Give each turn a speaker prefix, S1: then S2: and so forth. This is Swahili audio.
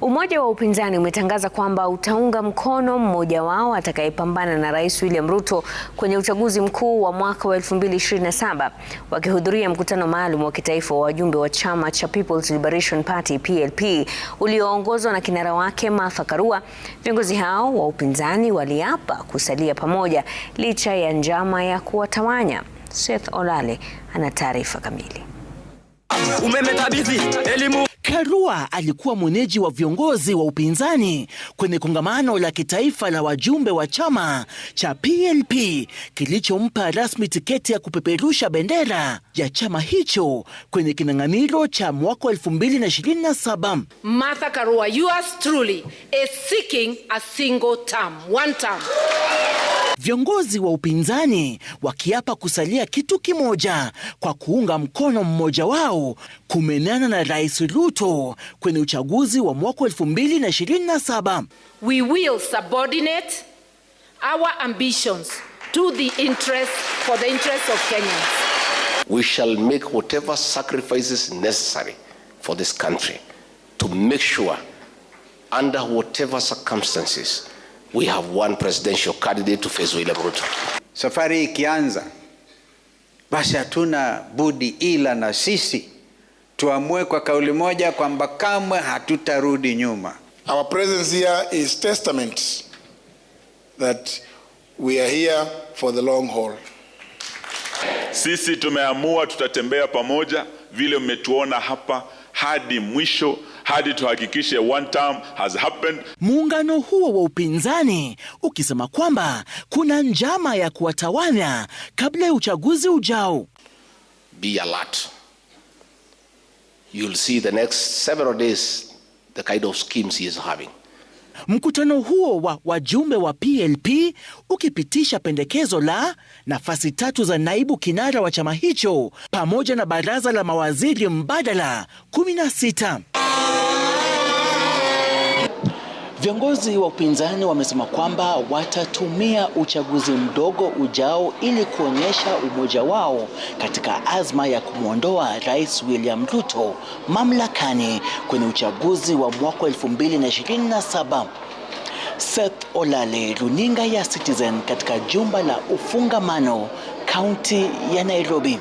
S1: Umoja wa upinzani umetangaza kwamba utaunga mkono mmoja wao atakayepambana na Rais William Ruto kwenye uchaguzi mkuu wa mwaka wa 2027. Wakihudhuria mkutano maalum wa kitaifa wa wajumbe wa chama cha People's Liberation Party PLP ulioongozwa na kinara wake Martha Karua, viongozi hao wa upinzani waliapa kusalia pamoja licha ya njama ya kuwatawanya. Seth Olale ana taarifa kamili. Umeme
S2: elimu Karua alikuwa mwenyeji wa viongozi wa upinzani kwenye kongamano la kitaifa la wajumbe wa chama cha PLP kilichompa rasmi tiketi ya kupeperusha bendera ya chama hicho kwenye kinang'aniro cha mwaka 2027.
S3: Martha Karua, are truly a seeking a single term, one term.
S2: Viongozi wa upinzani wakiapa kusalia kitu kimoja kwa kuunga mkono mmoja wao kumenana na Rais Ruto kwenye uchaguzi wa mwaka 2027.
S3: We will subordinate our ambitions to the interest for the interest of Kenyans.
S4: We shall make whatever sacrifices necessary for this country to make sure under whatever circumstances we have one presidential candidate to face William Ruto.
S5: Safari ikianza basi hatuna budi ila na sisi tuamue kwa kauli moja kwamba kamwe hatutarudi nyuma.
S6: Our presence here is testament that we are here for the long haul.
S7: Sisi tumeamua tutatembea pamoja vile mmetuona hapa hadi mwisho hadi tuhakikishe one term has happened.
S2: Muungano huo wa upinzani ukisema kwamba kuna njama ya kuwatawanya kabla ya uchaguzi ujao.
S8: Be alert. You'll see the next several days the kind of schemes he is having.
S2: Mkutano huo wa wajumbe wa PLP ukipitisha pendekezo la nafasi tatu za naibu kinara wa chama hicho pamoja na baraza la mawaziri mbadala 16. Viongozi wa upinzani wamesema kwamba watatumia uchaguzi mdogo ujao ili kuonyesha umoja wao katika azma ya kumwondoa Rais William Ruto mamlakani kwenye uchaguzi wa mwaka 2027. Seth Olale, runinga ya Citizen katika jumba la Ufungamano, kaunti ya Nairobi.